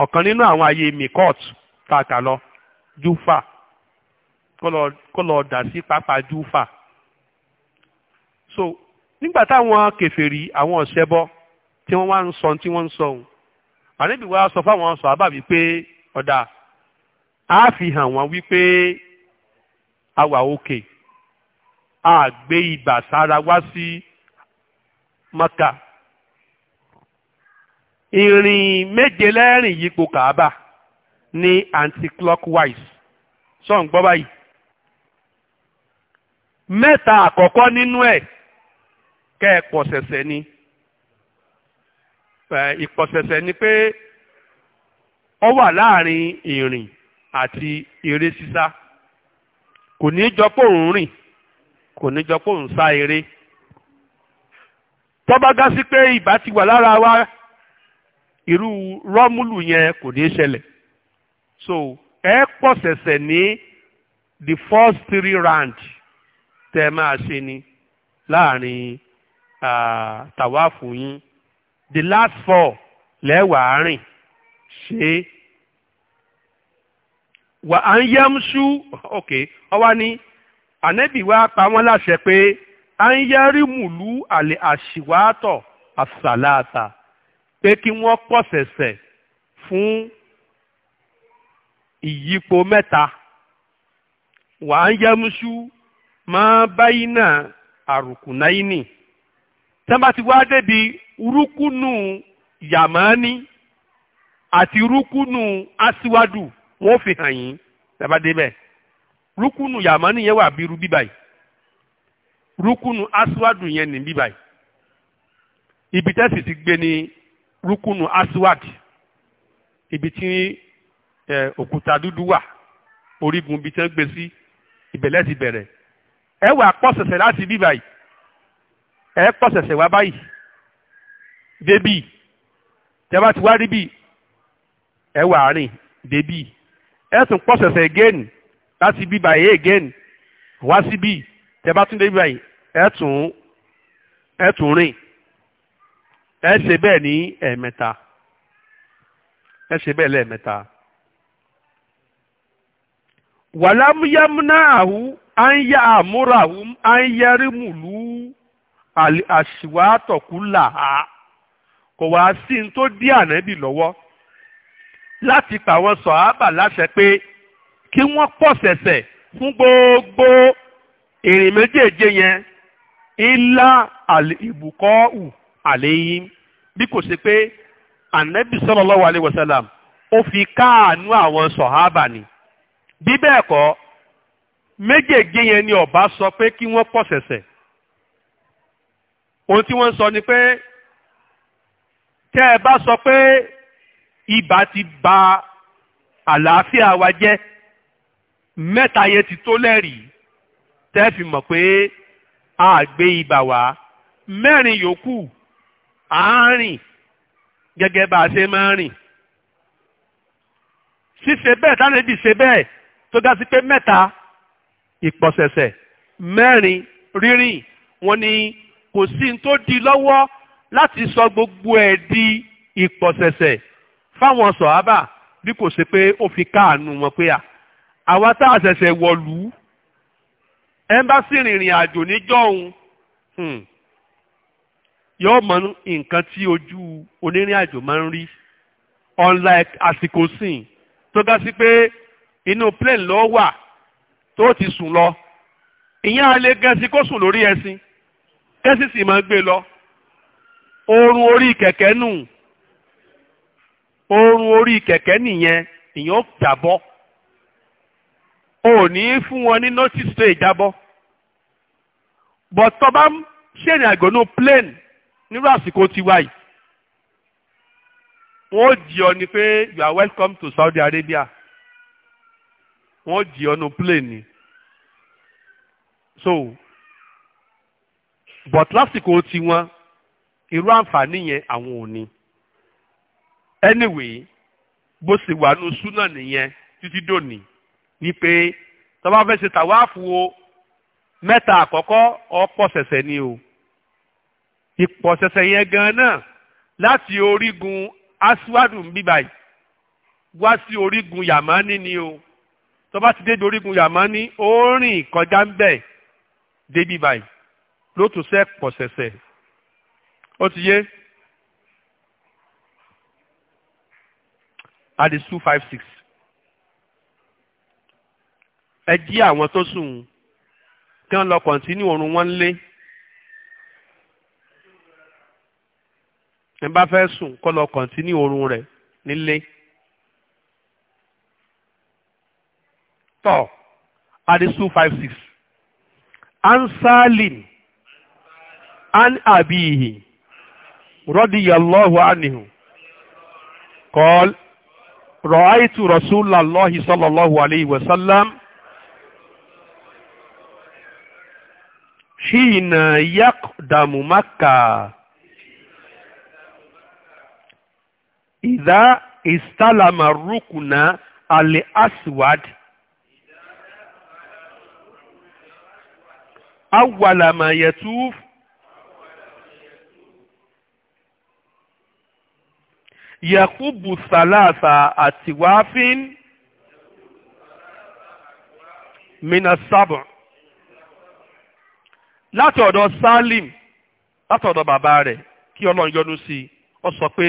ọ̀kan nínú àwọn ààyè mikot tààkà lọ júfà kó lọ dà sí pápá júfà so nígbà táwọn kèfèrí àwọn ọ̀sẹ́bọ tí wọ́n wá ń sọ tí wọ́n ń sọ òun àníbi wa sọ fáwọn sọ àbá wípé ọ̀dà á fi hàn wọ́n wípé a wà òkè a gbé ibà sára wá sí Maka ìrìn méje lẹ́rìn yípo kàába ní anticlockwise clockwise sọ ń gbọ́ báyìí mẹ́ta àkọ́kọ́ nínú ẹ̀ kẹ́ẹ̀pọ̀sẹ̀sẹ̀ ni ìpọ̀sẹ̀sẹ̀ ni pé ọ wà láàrin ìrìn àti eré sísá kò ní jọ pé òun rìn kò ní jọ pé òun sá eré tó bá gá sí pé ìbá ti wà lára wa irú rọ́múlù yẹn kò ní ṣẹlẹ̀ so ẹ pọ̀ ṣẹ̀ṣẹ̀ ní the first three round tẹ́ ẹ máa ṣe ni láàrin tàwáàfù yín the last four lẹ́wàá rìn ṣe wà á ń yẹ́mṣú ok ọwá ní ànẹ́bì wa pa wọ́n láṣẹ pé à ń yẹ́rìmùlú àlè àṣìwátọ̀ àṣàláàtà pé kí wọ́n pọ̀sẹ̀sẹ̀ fún ìyípo mẹ́ta wà á yẹmúṣú máa báyìí náà àrùkùnáyìnì tẹ́ bá ti wá débi rúkúnù yàmání àti rúkúnù aṣíwádù wọ́n fi hàn yín tẹ́ bá débẹ̀ rúkúnù yàmání yẹn wà bírú bíbáyìí rúkúnù aṣíwádù yẹn ní bíbáyìí ibi tẹ́sì ti gbé ni rúkúnù aswad ibi tí òkúta dúdú wà orígun ibi tí wọ́n gbé sí ìbẹ̀lẹ̀ ti bẹ̀rẹ̀ ẹ wà pọ̀sẹ̀sẹ̀ láti bí báyìí ẹ pọ̀sẹ̀sẹ̀ wá báyìí débì tẹ́wá ti wá débì ẹ wà rìn débì ẹ tún pọ̀sẹ̀sẹ̀ again láti bí báyìí again wá síbí tẹ́wá tún débì báyìí ẹ tún ẹ tún rìn. ẹ ṣe bẹ́ẹ̀ ní ẹ̀ẹ̀mẹ́ta ẹ ṣe bẹ́ẹ̀ lẹ́ẹ̀mẹ́ta. wàlámúyámúná àhú à ń yá àmúra àhú à ń yẹrí mùlú àṣìwá tọ̀kú là kò wá sí ní tó dí ànábì lọ́wọ́ láti pa sọ sọ̀hábà láṣẹ pé kí wọ́n pọ̀ sẹ̀sẹ̀ fún gbogbo ìrìn méjèèje yẹn ńlá àlè ìbùkọ́ ù. àléyìn bí kò sí pé ànábì sallallahu alaihi wasallam ó fi káàánú àwọn sọ̀hábà ni bí bẹ́ẹ̀ kọ́ méjèèjì yẹn ni ọba sọ pé kí wọ́n pọ̀ ohun tí wọ́n sọ ni pé tẹ́ ẹ bá sọ pé ibà ti ba àlàáfíà wa jẹ́ mẹ́ta yẹn ti tó lẹ́rìí tẹ́ fi mọ̀ pé a gbé ibà wá mẹ́rin yòókù à ń rìn gẹ́gẹ́ bá a ṣe máa ń rìn ṣíṣe bẹ́ẹ̀ tánàbì ṣe bẹ́ẹ̀ tó ga sí pé mẹ́ta ìpọ̀sẹ̀sẹ̀ mẹ́rin rírìn wọ́n ní kò sí ní tó di lọ́wọ́ láti sọ gbogbo ẹ̀ di ìpọ̀sẹ̀sẹ̀ fáwọn sọ̀hábà bí kò ṣe pé ó fi káàánú wọn pé à àwa tá a ṣẹ̀ṣẹ̀ wọ̀lú ẹ̀ ń bá sì rìnrìn àjò níjọ́ òun hmm, yóò mọ nǹkan tí ojú onírìn àjò máa ń rí unlike àsìkò sìn tó ga sí pé inú plane ló wà tó ti sùn lọ ìyẹn a lè gẹ̀ẹ́sì kó sùn lórí ẹṣin kẹ́sì sì máa gbé lọ oorun orí kẹ̀kẹ́ nù oorun orí kẹ̀kẹ́ nìyẹn ìyẹn ó jábọ́ ò ní fún wọn ní notice tó ìjábọ̀ bọ̀tọ́ bá ń ṣèrìn àgbọ̀nù plane nírú àsìkò tiwa yìí wọ́n jí ọ ní pé you are welcome to Saudi Arabia wọ́n jí ọ nu plane ni so but lásìkò tiwọn irú àǹfààní yẹn àwọn ò ní anyway bó ṣe wà ní súnà nìyẹn títí dòní ni pé tọ́ba fẹ́ ṣe tàwáàfù o mẹ́ta àkọ́kọ́ ọ̀pọ̀ ṣẹ̀ṣẹ̀ ni o ipò ṣẹ̀ṣẹ̀ yẹn gan náà láti orígun aswadu ń bí wá sí orígun yamani ni o tó bá ti dédé orígun yamani ó rìn kọjá ń bẹ̀ débí báyìí ló tún sẹ́ pọ̀ ṣẹ̀ṣẹ̀ ó ti yé adis two five six ẹ jí àwọn tó sùn kí wọ́n lọ kọ̀ǹtínú ọ̀run wọn lé. ní bá fẹ́ sùn kó lọ kọ̀ǹtínú oorun rẹ̀ nílé. tọ́ adisu five six ansalin an abiyihi rọ́díyàlọ́hu anihu kọ́l rọ́áìtù rasulallah sallallahu alayhi wa sallam hina yaqdamu makkah. ìdá ìsálàmà rúkùnà alẹ́ aswad awàlàmà yẹtúf yẹkúbù sàlàsà àtiwáfín minasabu láti ọ̀dọ̀ salim láti ọ̀dọ̀ bàbá rẹ̀ kí ọlọ́run yọ́nú sí i sọ pé.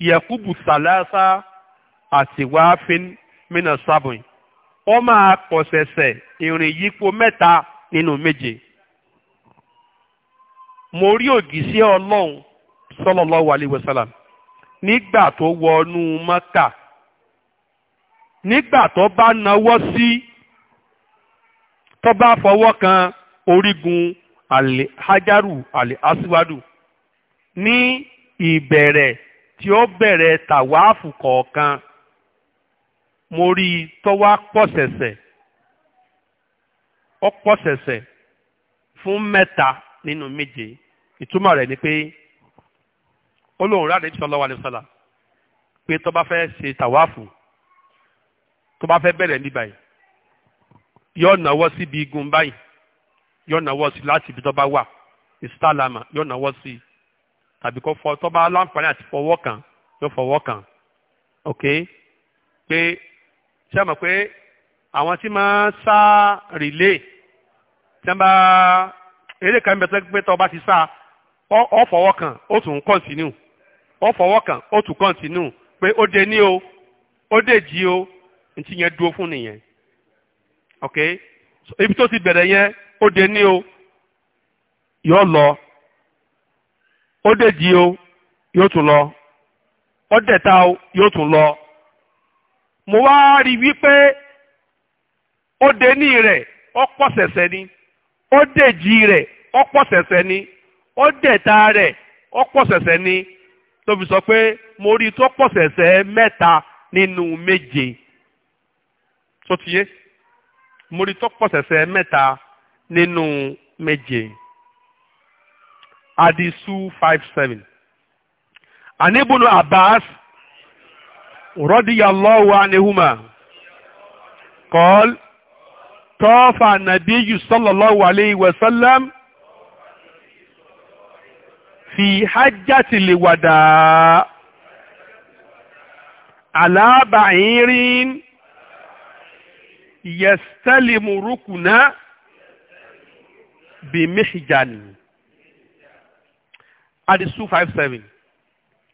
yakubu salasa àtiwáfin mina sábùn ó máa pọ̀sẹ̀sẹ̀ ìrìn yípo mẹ́ta nínú méje. mo rí ògìṣẹ́ ọlọ́run sallallahu alaihi wasallam nígbà tó wọnú mọ́kà nígbà tó bá nawọ́ sí tó bá fọwọ́ kan orígun alhajaru alhasiwadu ní ìbẹ̀rẹ̀ tí ó bẹ̀rẹ̀ tàwáàfù kọ̀ọ̀kan mo rí i tọ́wá pọ̀sẹ̀sẹ̀ ó pọ̀sẹ̀sẹ̀ fún mẹ́ta nínú méje ìtumọ̀ rẹ̀ ni pé ó lóun ráde sallallahu alaihi wasallam pé tó bá fẹ́ ṣe tàwáàfù tó bá fẹ́ bẹ̀rẹ̀ ní báyìí yóò náwó síbi igun báyìí yóò náwó sí láti ibi tó bá wà ìsítálàmà yóò náwó sí i tàbí kó fọ tó bá láǹfààní àti fọwọ́ kan yóò fọwọ́ kan ok pé ṣé mọ̀ pé àwọn tí máa ń sá rìlé tí wọ́n bá eré kan bẹ̀rẹ̀ pé tó bá ti sá ọ fọwọ́ kan ó tún kọ́ntínú ọ fọwọ́ kan ó tún kọ́ntínú pé ó dé ní o ó dé jí o ntí yẹn dúró fún nìyẹn ok ibi tó ti bẹ̀rẹ̀ yẹn ó dé ní o yóò lọ ó dèjì o yóò tún lọ ó dẹ̀ta o yóò tún lọ mo wá rí wípé ó rẹ̀ ó pọ̀ sẹ̀sẹ̀ ni ó dèjì rẹ̀ ó pọ̀ sẹ̀sẹ̀ ni ó dẹ̀ta rẹ̀ ó pọ̀ sẹ̀sẹ̀ ni tó fi sọ pé mo rí tó pọ̀ sẹ̀sẹ̀ mẹ́ta nínú méje tó ti yé mo rí tó méje. hadith 57. five seven. anibunu abbas radiyallahu anihuma qal tafa nabiyyu sallallahu alayhi wa sallam fi hajjati liwada ala ba'irin yastalimu rukuna bimihjani hadith 5' 7" lati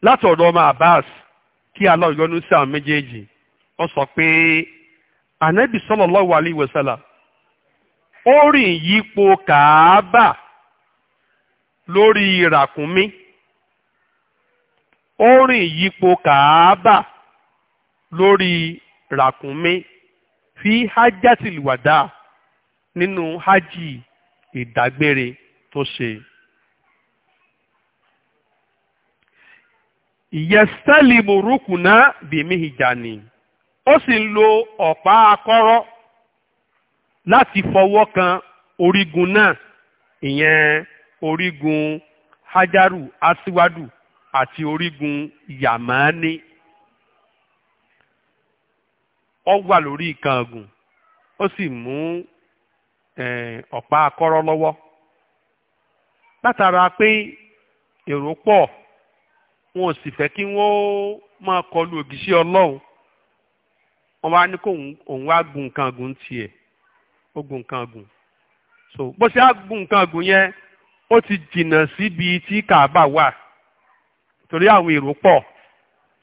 láti ọ̀dọ̀ Abbas kí Allah yọ́nú sí àwọn méjèèjì wọ́n sọ pé anabi sallallahu alaihi wasallam ó rìn yípo kàábà lórí ìràkúnmí ó yípo kàábà lórí ìràkúnmí fi hajjatil wada nínú hajj ìdágbére tó ṣe. yẹsẹ́lìmù rúkùnà bìmíhìjànì ó sì ń lo ọ̀pá akọ́rọ́ láti fọwọ́ kan orígun náà ìyẹn orígun hajaru asiwadu àti orígun yamani ó wà lórí ìkàngùn ó sì mú ọ̀pá akọ́rọ́ lọ́wọ́ látara pé èrò pọ̀ wọn ò sì fẹ́ kí wọ́n máa kọlu ògìṣẹ́ ọlọ́run wọ́n wá ní kó òun wá gun nǹkan gùn tiẹ̀ ó gun nǹkan gùn so bó ṣe á gun nǹkan gùn yẹn ó ti jìnnà síbi tí kàábà wà torí àwọn èrò pọ̀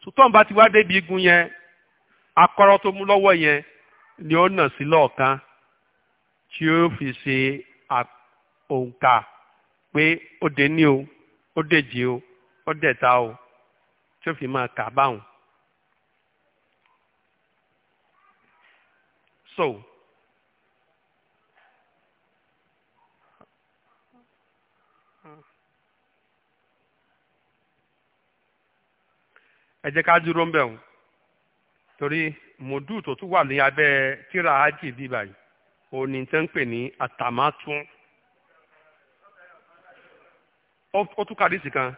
sùtọ́n bá ti wá débi igun yẹn akọ́rọ́ tó mú lọ́wọ́ yẹn ni ó nà sí lọ́ọ̀kan tí ó fi ṣe òǹkà pé ó dé ní o ó dèjì o. ó dẹ̀ta o tí ó fi máa kà báwọn. so ẹ jẹ́ ká dúró ń bẹ̀ wọ́n torí mòdù tó tún wà ní abẹ́ tíra ájì bíi báyìí ni tẹ́ ń pè ní àtàmátún ó tún kàdísì kan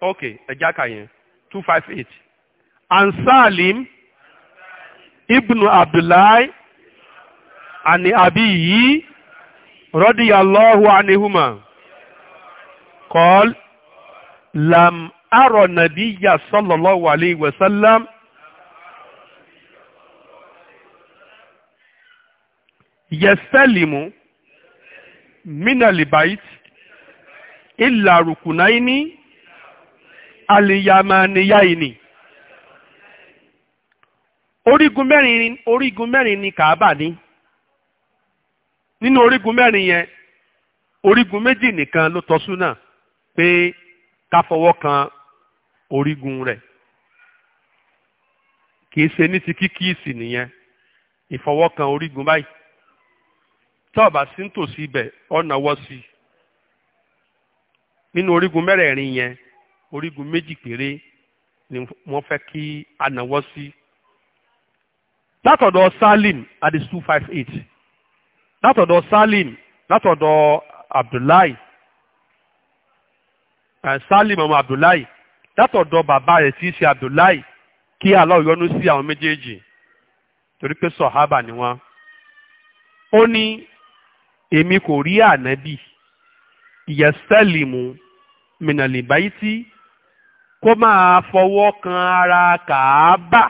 ok ẹ̀já kà yẹn two five eight an Salim ibnu Abdullahi ani abiyi radiyallahu anihuma qal lam ara nabiyya sallallahu alayhi wa sallam yastalimu min al-bayt illa rukunaini aliyamaniyaini orígun mẹ́rin orígun mẹ́rin ni kaaba ni nínú orígun mẹ́rin yẹn orígun méjì nìkan ló tọ́ súnà pé ká fọwọ́ kan orígun rẹ̀ kì í ṣe ní ti kíkíìsì nìyẹn ìfọwọ́ kan orígun báyìí tó si sí tòsí ibẹ̀ ọ̀nà wọ́ sí nínú orígun mẹ́rẹ̀ẹ̀rin yẹn orígun méjì péré ni wọ́n fẹ́ kí a náwó sí. látọ̀dọ̀ salim adis two five eight látọ̀dọ̀ salim látọ̀dọ̀ abdullahi eh, salim ọmọ abdullahi látọ̀dọ̀ bàbá rẹ̀ tí í ṣe abdullahi kí aláwọ̀ yọ́nú sí àwọn méjèèjì torí pé sọ̀hábà ni wọ́n. ó ní èmi kò rí ànábì ìyẹ́sẹ́lìmù mìnàlìbáyìtì kó máa fọwọ́ kan ara kàábà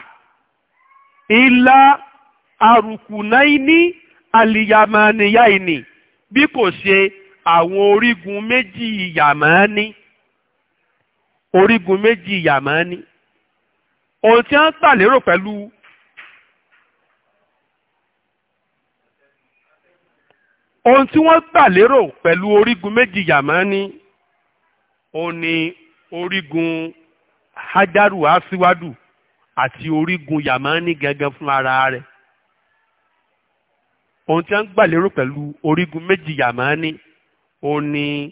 ilá arukunaini aliyamaniyaini bí kò ṣe àwọn orígun méjì yamani orígun méjì yamani ohun tí wọ́n ń gbà lérò pẹ̀lú ohun tí wọ́n gbà lérò pẹ̀lú orígun méjì yamani ó ní orígun hajaru asiwadu àti orígun yamani gẹ́gẹ́ fún ara rẹ̀ ohun tí a ń gbà origun meji orígun méjì yamani ó origun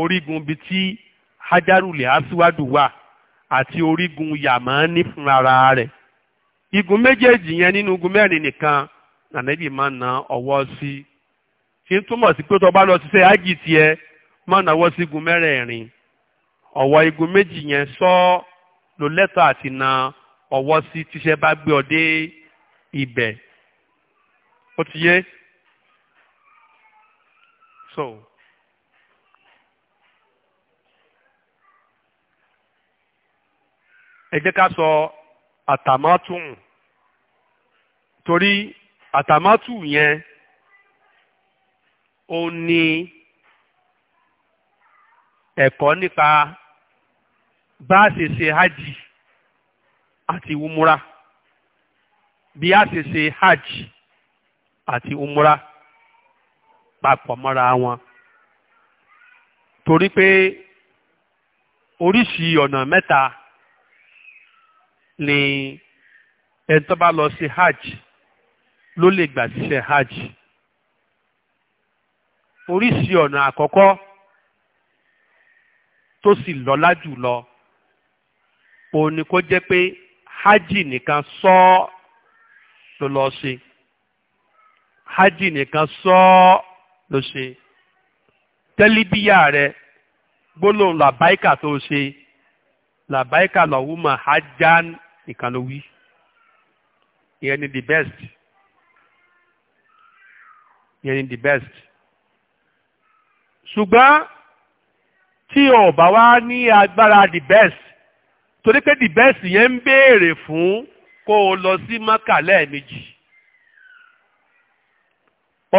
orígun bíi tí hajaru lè asiwadu wà àti orígun yamani fún ara rẹ̀ igun méjèèjì yẹn nínú igun mẹ́rin nìkan nànẹ́bì máa na ọwọ́ sí ṣe ń túmọ̀ sí pé tó bá lọ ṣiṣẹ́ ájì tiẹ̀ máa nawọ́ sí igun mẹ́rẹ̀ẹ̀rin ọ̀wọ́ igun méjì yẹn sọ ló lẹ́tọ̀ọ́ àti na ọwọ́ sí tíṣẹ́ bá gbé ọ dé ibẹ̀ ó ti yé so. ẹ jẹ́ ká sọ àtàmọ́tún torí àtàmọ́tù yẹn ó ní ẹ̀kọ́ nípa bá a ṣe ṣe hajj àti umura bí a ṣe ṣe hajj àti umura papọ̀ mọ́ra wọn torí pé oríṣìí ọ̀nà mẹ́ta ni ẹni tó bá lọ ṣe hajj ló lè gbà ṣiṣẹ́ hajj oríṣìí ọ̀nà àkọ́kọ́ tó sì lọ́lá lọ. Lọ òun ni kó jẹ́ pé hajj nìkan sọ ló lọ ṣe hajj nìkan sọ ló ṣe tẹ́líbíyà rẹ gbólóhùn làbáìkà tó ṣe làbáìkà lọ́wọ́mọ̀ hajjan nìkan ló wí ìyẹn ni the best ìyẹn ni the best ṣùgbọ́n tí o bá wá ní agbára the best torí pé dìbẹ́sì yẹn ń béèrè fún kó o lọ sí maka lẹ́ẹ̀mejì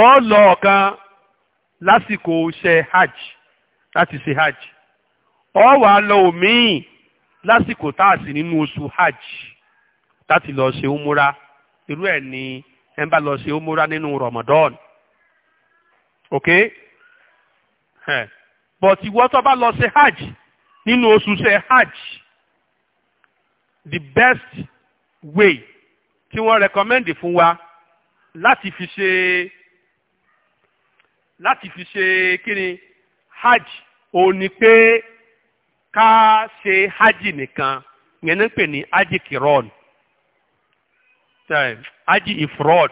ó lọ ọ̀kan lásìkò ṣe hajj láti ṣe hajj ó wá lọ òmíì lásìkò tá nínú oṣù hajj láti lọ ṣe umura irú ẹ̀ ni ẹ ń bá lọ ṣe umura nínú Ramadan ok bọ̀tí wọ́n tó bá lọ ṣe hajj nínú oṣù ṣe hajj. the best way tí wọ́n recommend fún wa láti fi ṣe láti fi ṣe kíni hajj òun ni pé ká ṣe hajj nìkan yẹn ní pè ní hajj kiron hajj ifrod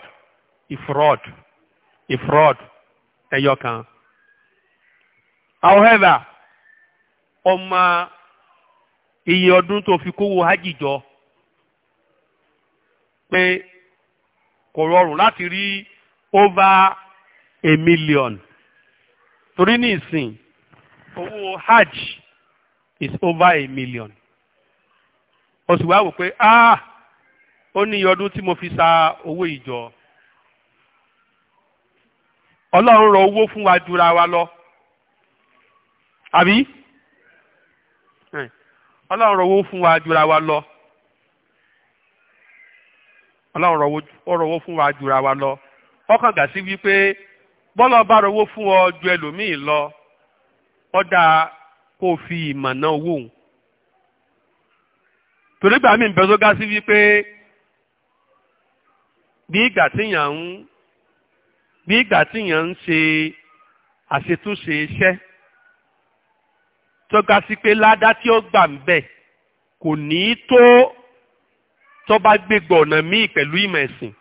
ifrod ifrod ẹyọ kan however ọmọ iye ọdún tó fi kówó hajj jọ pé kò rọrùn láti rí over a million torí ní ìsìn owó hajj is over a million o sì wá wò pé ah ó ní iye ọdún tí mo fi sa owó ìjọ ọlọ́run rọ owó fún wa jura wa lọ àbí ọlọ́run rọwọ́ fún wa jura wa lọ fún wa jura wa lọ ọkàn gà sí wípé bọ́lá ọba rọwọ́ fún ọ ju ẹlòmíì lọ ó dáa kó fi ìmọ̀ owó òun torí gbà mí bẹ́ẹ̀ wípé bí ìgbà tíyàn ń bí ìgbà ń ṣe iṣẹ́. tó sí pé ládá tí ó gbà ń bẹ̀ kò ní í tó tó bá gbégbọ̀ ọ̀nà míì pẹ̀lú ìmọ̀ ẹ̀sìn.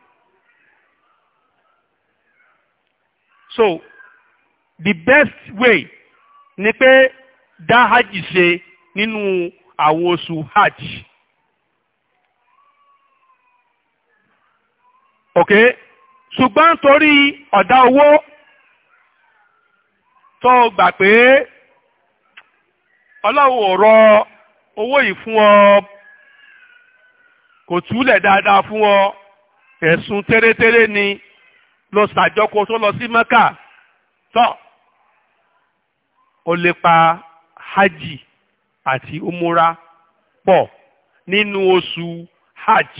so the best way ni pé dá hajj ṣe nínú àwọn oṣù hajj. ok ṣùgbọ́n torí ọ̀dá owó tó gbà pé ọlọ́run ò rọ owó yìí fún ọ kò túlẹ̀ dáadáa fún ọ ẹ̀sùn tẹ́rẹ́tẹ́rẹ́ ni lọ ṣàjọkọ tó lọ sí mẹ́kà tọ́ ó lè pa hajj àti umura pọ̀ nínú oṣù hajj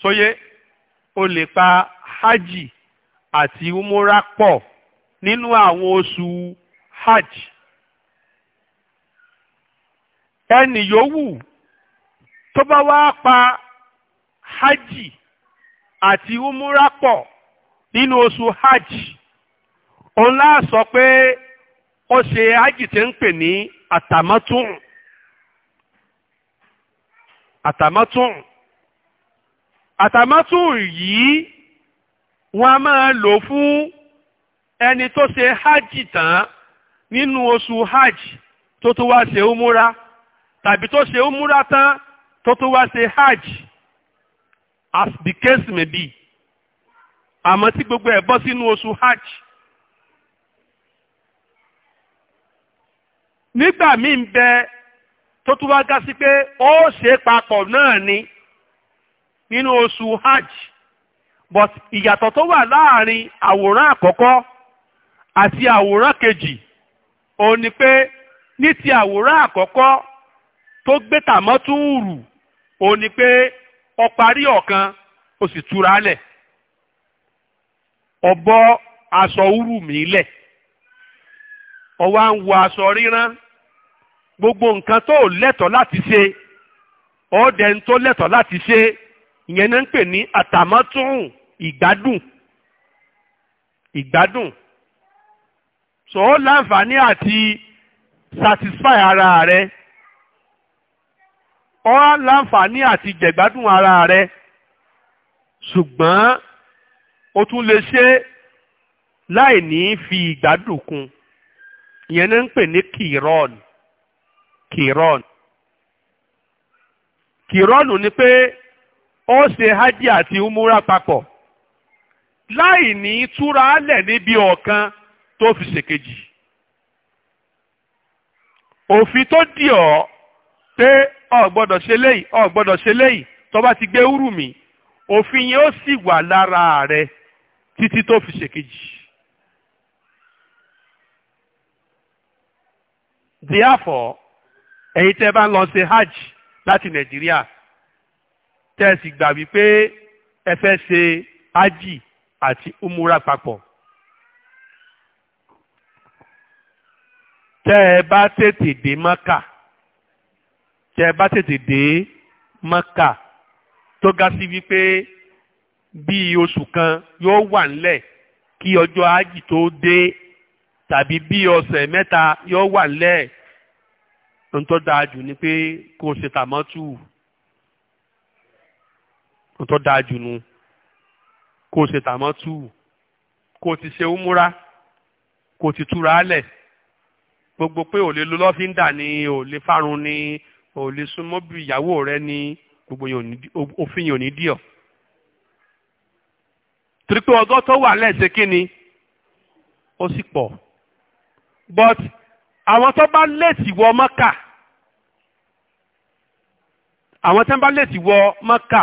sóyé ó lè pa hajj àti umura pọ̀ nínú àwọn oṣù hajj. ẹnì yòówù tó bá wá pa hajj àti umura pọ̀ nínú oṣù hajj òun láà sọ pé ó ṣe hajj tí ń pè ní àtàmọ́tún àtàmọ́tún àtàmọ́tún yìí wọ́n a máa lò fún ẹni tó ṣe hajj tán nínú oṣù hajj tó tó wá ṣe umura tàbí tó ṣe umura tán tó tún wá ṣe hajj as the case may be àmọ́ tí gbogbo ẹ̀ bọ́ sínú oṣù hajj. nígbà míì ń bẹ tó wá ga sí pé ó ṣe papọ̀ náà ni nínú oṣù hajj but ìyàtọ̀ tó wà láàrin àwòrán àkọ́kọ́ àti àwòrán kejì òun ni pé ní ti àwòrán àkọ́kọ́ tó gbé tàmọ́túùrù òun ni pé ó parí ọ̀kan ó sì túra lẹ̀ ó bọ́ aṣọ úrù mi lẹ̀ ó wá ń wọ aṣọ ríran gbogbo nǹkan tó lẹ́tọ̀ọ́ láti ṣe ọ̀ọ́dẹ̀ni tó lẹ́tọ̀ọ́ láti ṣe ìyẹn náà ń pè ní àtàmọ́tún ìgbádùn ìgbádùn so ó láǹfààní àti satisfy ara rẹ̀ ọ láǹfààní àti jẹ̀gbádùn ara rẹ ṣùgbọ́n o tún lè ṣe láì ní fi ìgbádùn kún ìyẹn ní ń pè ní kìrọ́ọ̀nù kìrọ́ọ̀nù kìrọ́ọ̀nù ni pé ó ṣe hajj àti umura papọ̀ láì ní túra lẹ̀ níbi ọ̀kan tó fi ṣèkejì òfin tó dì ọ́ pé ọ gbọ́dọ̀ ṣe léyìí ọ gbọ́dọ̀ ṣe léyìí tó bá ti gbé úrù mi òfin yẹn ó sì wà lára rẹ títí tó fi ṣèkejì. therefore ẹ̀yin tẹ́ bá ń lọ ṣe hajj láti nàìjíríà tẹ́ ẹ sì gbà wípé ẹ fẹ́ ṣe hajj àti umura papọ̀. tẹ́ ẹ bá tètè dé mọ́kà tẹ bá tètè dé mọ́kà tó ga sí wípé bíi oṣù kan yóò wà nílẹ̀ kí ọjọ́ ájì tó dé tàbí bíi ọ̀sẹ̀ mẹ́ta yóò wà nílẹ̀ ohun tó dáa jù ni pé kó o ṣe tàmọ́tù ohun dáa jù nu kó ṣe tàmọ́tù kó ti ṣe úmúra kó ti túra lẹ̀ gbogbo pé ò lè lo lọ́fíńdà ni ò lè fárun ni. ò lè súnmọ́ bí ìyàwó rẹ ní gbogbo òfin yìí ò ní dí ọ. torí ọgọ́ tó wà ni ó sì pọ̀ but àwọn tó bá lẹ́sì wọ mọ́kà àwọn tó bá lẹ́sì wọ mọ́kà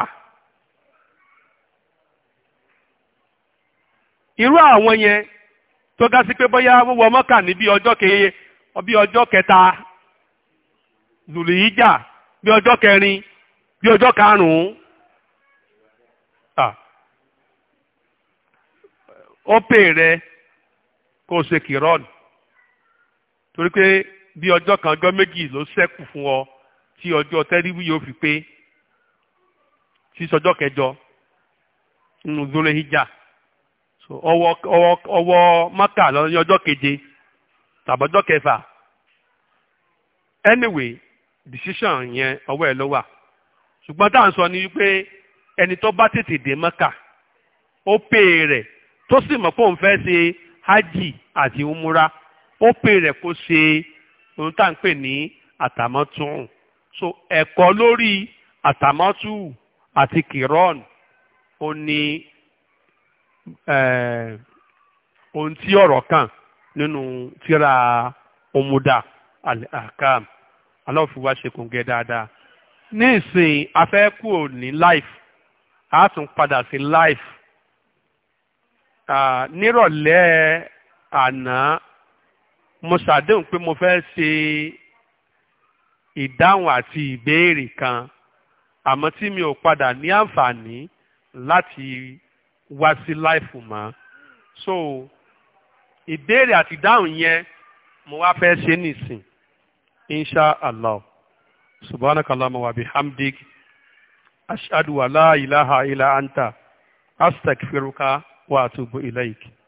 irú àwọn yẹn tó ga sí pé bóyá wọ́n wọ mọ́kà bí ọjọ́ kẹta zùlìíjà bí ọjọ́ kẹrin bí ọjọ́ karùn-ún ó pè rẹ kó o ṣe kìrọ́ọ̀nù torí pé bí ọjọ́ kan ọjọ́ méjì ló ṣẹ́kù fún ọ tí ọjọ́ yóò fi pé tí kẹjọ nínú zùlìíjà ọwọ́ maka ọwọ́ ọjọ keje tàbọ́jọ́ kẹfà decision yẹn ọwọ́ ẹ̀ ló wà ṣùgbọ́n tá à ń sọ ni pé ẹni tó bá tètè dé mọ́kà ó pè rẹ̀ tó sì mọ̀ pé òun fẹ́ ṣe hajj àti umura ó pè rẹ̀ kó ṣe ohun tá à ń pè ní àtàmọ́tún so ẹ̀kọ́ lórí àtàmọ́tù àti kìrọ́ọ̀n ó ní eh, ohun tí ọ̀rọ̀ kàn nínú tíra omuda al Allah fi wá ṣe kòǹgẹ́ dáadáa ní ìsìn afẹ́ kú ò ní life a tún padà sí life nírọ̀lẹ́ àná mo ṣàdéhùn pé mo fẹ́ ṣe ìdáhùn àti ìbéèrè kan àmọ́ tí mi ò padà ní àǹfààní láti wá sí life mọ́ so ìbéèrè àti ìdáhùn yẹn mo wá fẹ́ ṣe nìsín insha allah subhanaka allahumma wa bihamdik ashhadu an la ilaha illa anta astaghfiruka wa atubu ilaik